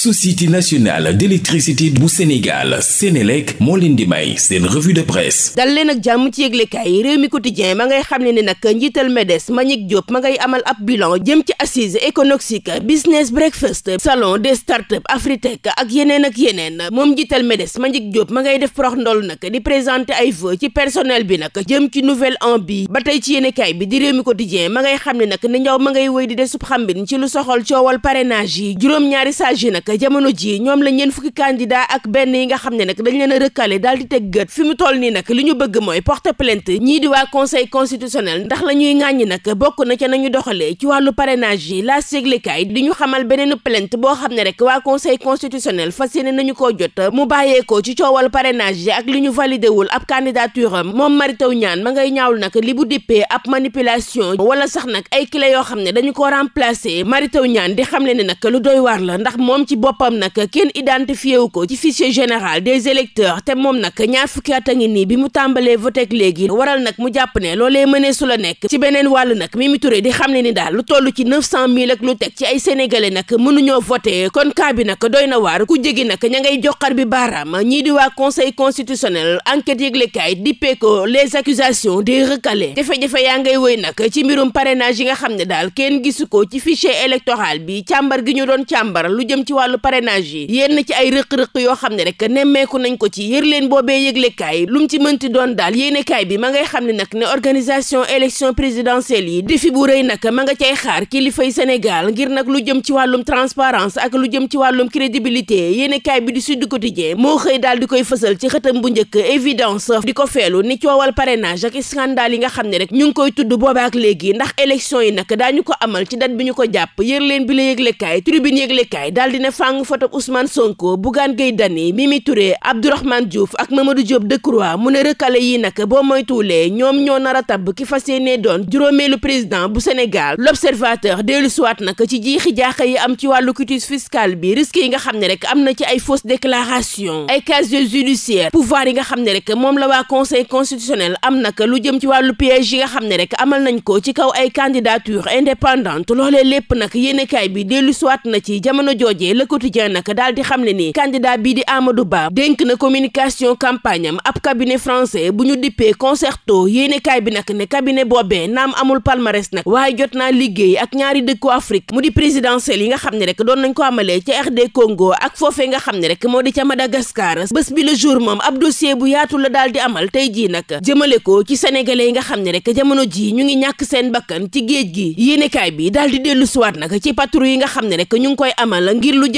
société nationale d'électricité bu Sénégal Sénélec moo leen di may seen revue de presse dal leen ak jàmm ci yëglekaay yi réew mi quotidien ma ngay xam ne ne nag njiital MEDES Mbagnick Diop ma ngay amal ab bilan jëm ci assise économique business breakfast salon des startups Afritech ak yeneen ak yeneen moom njiital MEDES Mbagnick Diop ma ngay def prox ndol nag di présenter ay vœux ci personnel bi nag jëm ci nouvelle an bi ba tey ci yéenekaay bi di réew mi quotidien ma ngay xam ne nag ni ñëw ma ngay wéy di de sub xambin ci lu soxol coowal yi juróom sage yi nag jamono ji ñoom la ñeen fukki candidat ak benn yi nga xam ne nag dañ leen a rëkkale daal di teg gët fi mu toll nii nag li ñu bëgg mooy porter plainte ñii di waa conseil constitutionnel ndax la ñuy ŋàññi nag bokk na ca nañu doxalee ci wàllu parrainage yi laa séglikaay di ñu xamal beneen plainte boo xam ne rek waa conseil constitutionnel fas yéene nañu ko jot mu bàyyeekoo ci coowal parrainage yi ak li ñu validé wul ab candidature am moom Mary Teuw Niane ma ngay ñaawlu nag li bu dippee ab manipulation wala sax nag ay clé yoo xam ne dañu ko remplacer Mary Teuw Niane di xamle ne nag lu doy la ndax boppam nag kenn identifié wu ko ci fichier général des électeurs te moom nag ñaar fukki ngi nii bi mu tàmbalee voteek léegi waral nag mu jàpp ne loolee mënee su la nekk ci beneen wàll nag Mimi Touré di xam ne ni daal lu toll ci neuf cent mille ak lu teg ci ay sénégalais nag mënuñoo voté kon cas bi nag doy na waar ku jegi nag ña ngay joxar bi baaraam ñii di waa conseil constitutionnel enquête yëglekaay dippee ko les accusations des recalés jafe-jafe yaa ngay woy nag ci mbirum parrainage yi nga xam ne daal kenn gisu ko ci fichier électoral bi càmbar gi ñu doon càmbar lu jëm ci wàllu wàllu parrainage yi yéen ci ay rëq-rëq yoo xam ne rek nemmeeku nañ ko ci yër leen boobee yëglekaay lu mu ci mënti doon daal yéenekaay bi ma ngay xam ne nag ne organisation élection présidentielle yi défi bu rëy nag ma nga cay xaar kilifay Sénégal ngir nag lu jëm ci wàllum transparence ak lu jëm ci wàllum crédibilité yéenekaay bi di Sud Quotidien moo xëy daal di koy fësal ci xëtam bu njëkk évidence di ko feelu ni coowal parrainage ak scandale yi nga xam ne rek ñu ngi koy tudd boobaak léegi ndax élection yi nag daañu ko amal ci date bi ñu ko jàpp fang photo Ousmane Sonko Bougane Gueye Dany Mimi Touré Abdourahmane Diouf ak Mamadou Diop Decroix mu ne recalé yi nag boo moytuwulee ñoom ñoo nar a tabb ki fas yéenee doon juróomeelu président bu Sénégal l'observateur dellu siwaat nag ci jiixi jaaxa yi am ci wàllu quitus fiscal bi risque yi nga xam ne rek am na ci ay fausse déclaration ay casier judiciaire pouvoir yi nga xam ne rek moom la waa conseil lu jëm ci wàllu piège yi nga xam ne rek amal nañ ko ci kaw ay candidature indépendante loolee lépp nag yéenekaay bi quotidien nag daal di xam ne ni candidat bii di Amadou Ba dénk na communication campagne ab cabinet français bu ñu dippee concerto yéenekaay bi nag ne cabinet boobee naam amul palmarès nag waaye jot naa liggéey ak ñaari dëkku Afrique mu di présidentielle yi nga xam ne rek doon nañ ko amalee ca RD Congo ak foofee nga xam ne rek moo di ca Madagascar bés bi le jour moom ab dossier bu yaatu la daal amal tey jii nag jëmale ko ci sénégalais yi nga xam ne rek jamono jii ñu ngi ñàkk seen bakkan ci géej gi yéenekaay bi daal di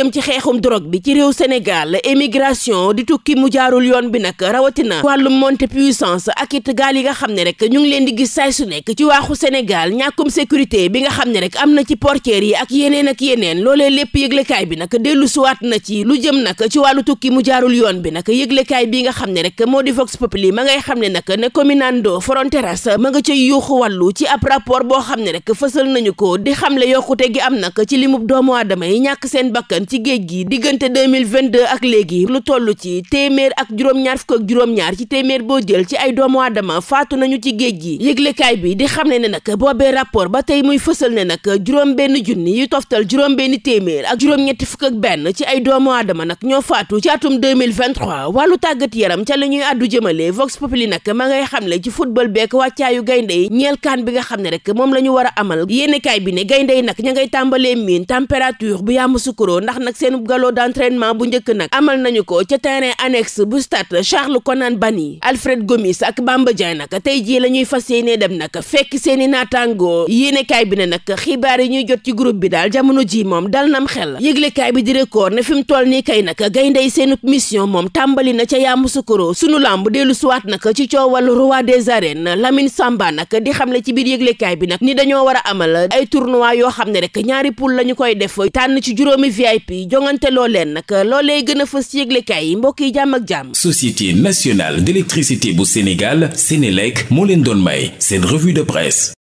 jëm ci xeexum drogue bi ci réew Sénégal émigration di tukki mu jaarul yoon bi nag rawatina wàllum montée puissance ak it gaal yi nga xam ne rek ñu ngi leen di gis saay su nekk ci waaxu Sénégal ñàkkum sécurité bi nga xam ne rek am na ci portières yi ak yeneen ak yeneen loolee lépp yëglekaay bi nag dellu suwaat na ci lu jëm nag ci wàllu tukki mu jaarul yoon bi nag yëglekaay bi nga xam ne rek moo di Vox Populi ma ngay xam ne nag ne Cominando Fronteras ma nga ca yuuxu wallu ci ab rapport boo xam ne rek fësal nañu ko di xam le yokkute gi ci limub doomu aadama yi ñàkk ci géej gi diggante 2022 ak léegi lu toll ci téeméer ak juróom-ñaar fukk ak juróom-ñaar ci téeméer boo jël ci ay doomu aadama faatu nañu ci géej gi yëglekaay bi di xam ne ne nag boobee rapport ba tey muy fësal ne nag juróom benn junni yu toftal juróom benn téeméer ak juróom-ñetti fukk ak benn ci ay doomu aadama nag ñoo faatu ci atum 2023 wàllu tàggat yaram ca la ñuy àddu jëmale Vox Populi nag ma ngay xam xamle ci football beek wàccaayu gaynde yi ñeel kaan bi nga xam ne rek moom la ñu war a amal yéenekaay bi ne gaynde yi nag ña ngay tàmbalee miin température bu yàmm sukuroo ndax nag seen galop d'entraînement bu njëkk nag amal nañu ko ca terrain annexe bu stade Charles Konan Banny Alfred Gomis ak Bamba Dieng nag tey jii la ñuy fas yéenee dem nag fekk seeni naataangoo yéenekaay bi ne nag xibaar yi ñuy jot ci group bi daal jamono jii moom dal nam xel yëglekaay bi di record ne fi mu toll nii kay nag gayndey seen mission moom tàmbali na ca Yamoussoukro sunu lamb dellu suwaat nag ci coowal roi des arènes Lamine Samba nag di xamle ci biir yëglekaay bi nag ni dañoo war a amal ay tournois yoo xam ne rek ñaari poule la ñu koy def tànn ci juróomi VIP yi jongante loo leen nag loolee gën a fës ci yëglekaay yi mbokk yi jàmm ak jàmm. Société nationale d'électricité bu Sénégal Sénélec moo leen doon may seen revue de presse.